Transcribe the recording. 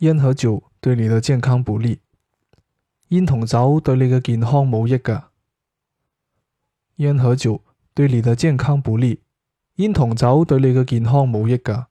煙和酒對你的健康不利，煙同酒對你嘅健康冇益㗎。煙和酒對你的健康不利，煙同酒對你嘅健康冇益㗎。